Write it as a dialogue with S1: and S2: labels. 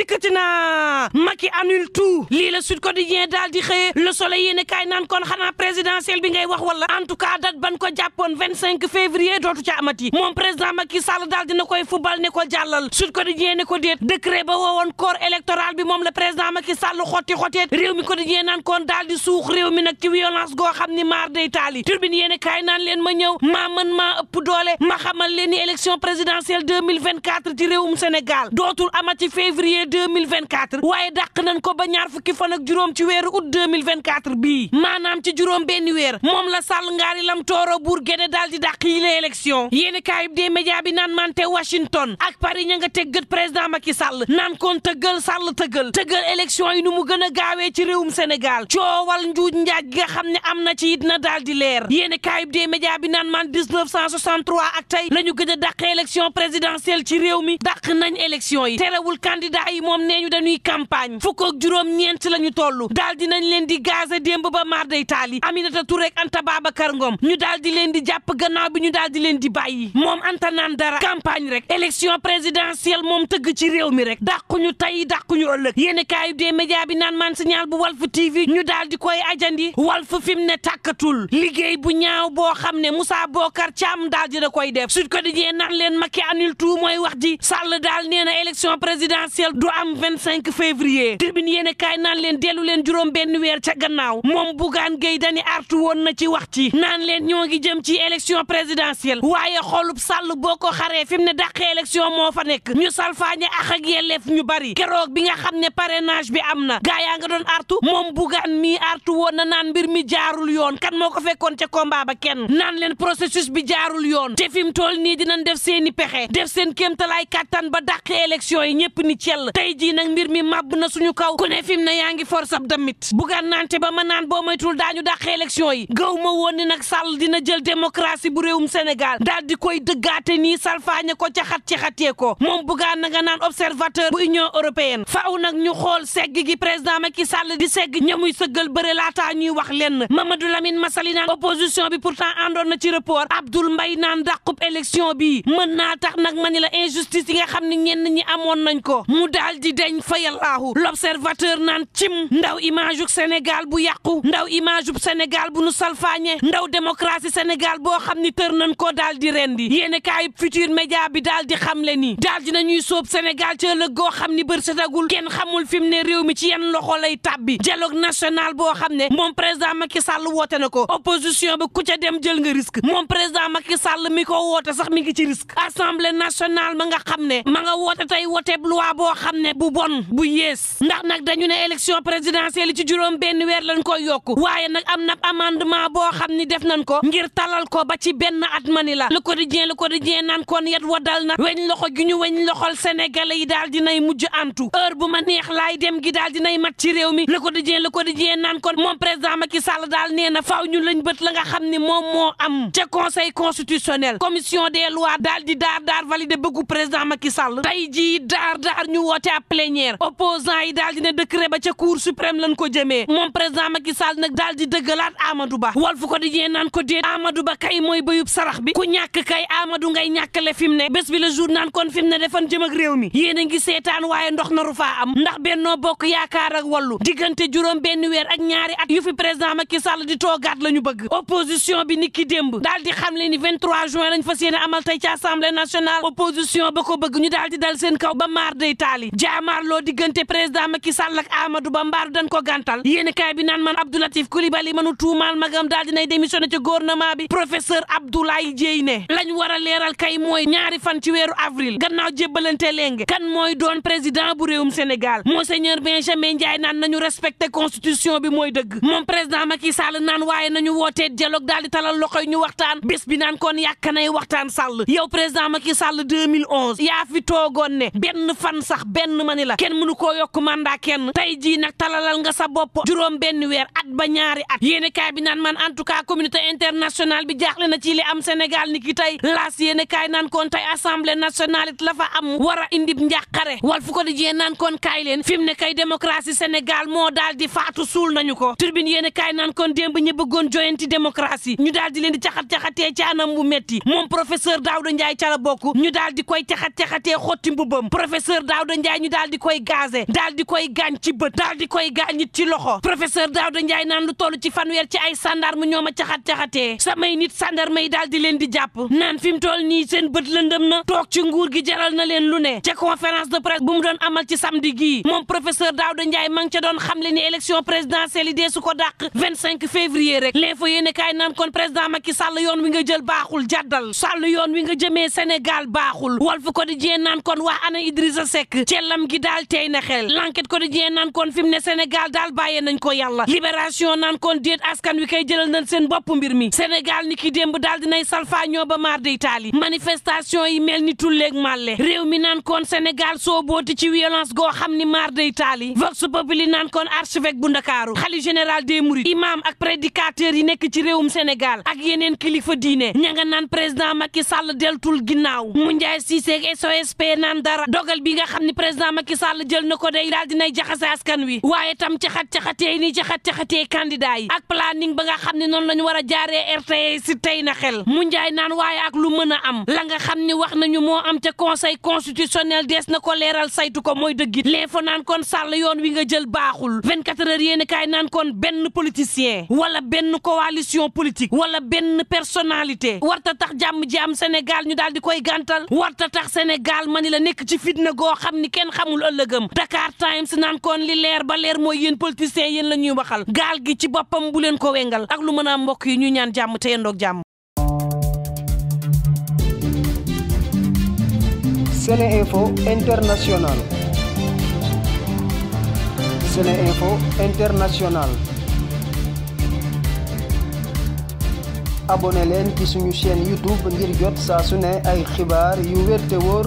S1: dikkati na Macky annule tout lii la Sud Quotidien daal di xëyee Le Soleil yéen kaay naan kon xanaa présidentielle bi ngay wax wala en tout cas date ban ko jàppoon 25 février dootu ca amati moom président Macky Sall daal dina koy fubal ne ko jàllal Sud Quotidien ne ko déet décret ba woowoon corps électoral bi moom la président Macky Sall xotti xotteet réew mi Quotidien naan kon daal suux réew mi nag ci violence goo ni maar day taali turbine yéen kaay naan leen ma ñëw maa mën maa ëpp doole ma xamal leen ni élection présidentielle 2024 ci réewum Sénégal dootul amati février 2024 waaye daq nañ ko ba ñaar fukki fan ak juróom ci weeru août 2024 bii maanaam ci juróom benn weer moom la sàll ngaari lam tooro buur géde daal di dàq yi la élection yéeni kaayib des média bi naan mante Washington ak Paris ña nga teggat président Macky Sall naan kon tëggal sàll tëggal tëggal élection yi nu mu gën a gaawee ci réewum Sénégal coowal njuuj njaaj gi nga xam ne am na ci it na daal di leer yéeni kaayib des média bi naan man 1963 ak tey la ñu gëj a dàq élection ci réew mi dàq nañ élection yi yi moom nee ñu dañuy campagne fukk juróom ñeenti la ñu toll daal di leen di gaze démb ba maar day yi Aminata Touré ak Anta Babacar Ngom ñu daal di leen di jàpp gannaaw bi ñu daal di leen di bàyyi moom Anta naan dara campagne rek élection présidentielle moom tëgg ci réew mi rek dàquñu tey ñu ëllëg yéen kaayu des média bi naan man signal bu Walf TV ñu daal di koy ajandi Walf fi mu ne tàkkatul liggéey bu ñaaw boo xam ne Moussa Bokar Thiam daal di da koy def Sud Quotidien naan leen Macky annule tout mooy wax ji Sall daal nee na élection présidentielle du am vingt cinq février tribune yéen kaay naan leen dellu leen juróom benn weer ca gannaaw moom Bougane Gueye Dany artu woon na ci wax ci naan leen ñoo ngi jëm ci élection présidentielle waaye xolub sàll boo ko xaree fi mu ne dàqee élection moo fa nekk ñu salfaañe ak ak yelleef ñu bari keroog bi nga xam ne parrainage bi am na gaa yaa nga doon artu moom Bougane mii artu woon na naan mbir mi jaarul yoon kan moo ko fekkoon ca combat kenn naan leen processus bi jaarul yoon te fi mu toll nii dinañ def seeni pexe def seen kéemtalaay kàttan ba dàq élection yi ñëpp ni cell tey jii nag mbir mi màbb na suñu kaw ku ne fi na yaa ngi force ab damit bugaan naante ba ma naan boo may moytul daañu dàqee élection yi gaw ma woon ni nag Sall dina jël démocratie bu réewum Sénégal daal di koy dëggaate nii salfaañe ko ca xat ci xatee ko moom bugaan na nga naan observateur bu Union européenne faaw nag ñu xool segg gi président ma ki Sall di segg ñamuy sëggal bëre laataa ñuy wax lenn ma Lamine Massaly naan opposition bi pourtant àndoon na ci report Abdoul Mbaye naan dàqub élection bi mën naa tax nag ma la injustice yi nga xam ne ñenn ñi amoon nañ ko daal di deñ fa yallaahu l'observateur naan cim ndaw image u Sénégal bu yàqu ndaw image u Sénégal bu nu salfaañe ndaw démocratie Sénégal boo xam ni tër nañ koo daal di ren rendi yéene kaayub futur média bi daal di xam le ni daal di nañuy sóob Sénégal ci ëllëg goo xam ni bër setagul kenn xamul fi mu ne réew mi ci yenn loxo lay tàbbi dialogue national boo xam ne moom président Macky Sall woote na ko opposition bi ku ca dem jël nga risque moom président Macky Sall mi ko woote sax mi ngi ci risque assemblée nationale ma nga xam ne ma nga woote tey wooteeb loi boo xam ne bu bon bu yées ndax nag dañu ne élection présidentielle ci juróom benn weer lañ koy yokku waaye nag am na amendement boo xam ni def nañ ko ngir talal ko ba ci benn at mani la Le Quotidien Le Quotidien naan kon yat wa dal na weñ loxo gi ñu weñ loxol sénégalais yi daal nay mujj antu heure bu ma neex laay dem gi daal dinay mat ci réew mi Le Quotidien Le Quotidien naan kon moom président Macky Sall daal nee na faaw ñu lañ bët la nga xam ni moom moo am ca conseil constitutionnel commission des lois daal di daar daar validé bëggu président Macky Sall tey jii voté à plénière opposant yi daal di ne décret ba ca cour suprême lañ ko jëmee moom président Macky Sall daal di dëggalaat Amadou Ba Walf Quotidien naan ko déet Amadou Ba kay mooy béyub sarax bi ku ñàkk kay Amadou ngay ñàkkale fi mu ne bés bi le jour naan kon fi ne defan jëm ak réew mi yéen a ngi seetaan waaye ndox naru faa am ndax bokk yaakaar ak wallu diggante juróom benn weer ak ñaari at yu président Macky Sall di toogaat la ñu bëgg opposition bi niki démb daal di xam le ni 23 juin lañ fas yéene amal tey ci assemblée nationale opposition ba ko bëgg ñu daal di dal seen kaw ba maar day taali loo diggante président Macky Sall ak Amadou Ba mbaaru dañ ko gantal yéeni kaay bi naan man Abdou Latif Coulibaly manu tuumaal magam daal dinay démissionné ci gouvernement bi professeur Abdoulaye Dièye ne lañ war a leeral kay mooy ñaari fan ci weeru avril gannaaw jébbalante léenge kan mooy doon président bu réewum Sénégal monseigneur Benjamin Ndiaye naan nañu respecté constitution bi mooy dëgg moom président Macky Sall naan waaye nañu wootee dialogue daal talal loxoy ñu waxtaan bés bi naan kon yàkkanay waxtaan Sall yow président Macky Sall 2011 yaa fi toogoon ne benn fan sax benn ma ni la kenn mënu koo yokk mandat kenn tey jii nag talalal nga sa bopp juróom benn weer at ba ñaari at yéene kaay bi naan man en tout cas bi jaaxle na ci am Sénégal ni ki tey laas yéene kaay naan kon tey assemblée nationale it la fa am war a indi njàqare wal fu ko di jee naan kon kaay leen fi mu ne kay démocratie Sénégal moo daal di faatu suul nañu ko tribune yéene kaay naan kon démb ñu bëggoon joyanti démocratie ñu daal di leen di caxat caxatee ci bu metti moom professeur Daouda Ndiaye ca la bokk ñu Ndiaye ñu daal di koy gazé daal di koy gaañ ci bët daal di koy gaañ it ci loxo professeur Daouda Ndiaye naan lu toll ci fan fanweer ci ay sandarme ñoo ma caxat caxatee samay nit sandarme yi daal di leen di jàpp naan fi mu toll nii seen bët lëndëm na toog ci nguur gi jaral na leen lu ne ca conférence de presse bu mu doon amal ci samedi gii moom professeur Daouda Ndiaye ma ca doon xamle ni élection présidentielle yi deesu ko dàq 25 février rek l'info yéene kaay naan kon président Macky Sall yoon wi nga jël baaxul jàddal Sall yoon wi nga jëmee Sénégal baaxul Walf Quotidien naan kon wax ana Idrissa Seck cellam gi daal tey na xel l'enquête quotidien naan kon fi mu ne Sénégal daal bàyyee nañ ko yàlla libération naan kon déet askan wi koy jëlal nañ seen bopp mbir mi Sénégal ni ki démb daal dinay salfaañoo ba maar de Italie manifestation yi mel ni tulleeg màlle réew mi naan kon Sénégal soo ci violence goo xam ni maar de Italie vox populi naan kon archevêque bu Ndakaaru xalif général des mourides imam ak prédicateur yi nekk ci réewum Sénégal ak yeneen kilifa diine ña nga naan président Macky Sall deltul président Macky Sall jël na ko day daal dinay jaxase askan wi waaye tam caxat-caxatee ni caxat-caxatee candidat yi ak planning ba nga xam ne noonu la ñu war a jaaree RTA si tey na xel mu njaay naan waaye ak lu mën a am la nga xam ni wax nañu moo am ca conseil constitutionnel dees na ko leeral saytu ko mooy dëggit l'info naan kon Sall yoon wi nga jël baaxul 24 heures yéen kaay naan kon benn politicien wala benn coalition politique wala benn personnalité warta tax jàmm ji am Sénégal ñu daal di koy gàntal warta tax Sénégal ma la nekk ci fitna kenn xamul ëllëgam Dakar Times naan kon li leer ba leer mooy yéen politiciens yéen la waxal gaal gi ci boppam bu leen ko wengal ak lu mën a mbokk yi ñu ñaan jàmm te yendoog jàmm SeneInfo International SeneInfo International abonné leen ci suñu chaîne YouTube ngir jot saa su ne ay xibaar yu wér wóor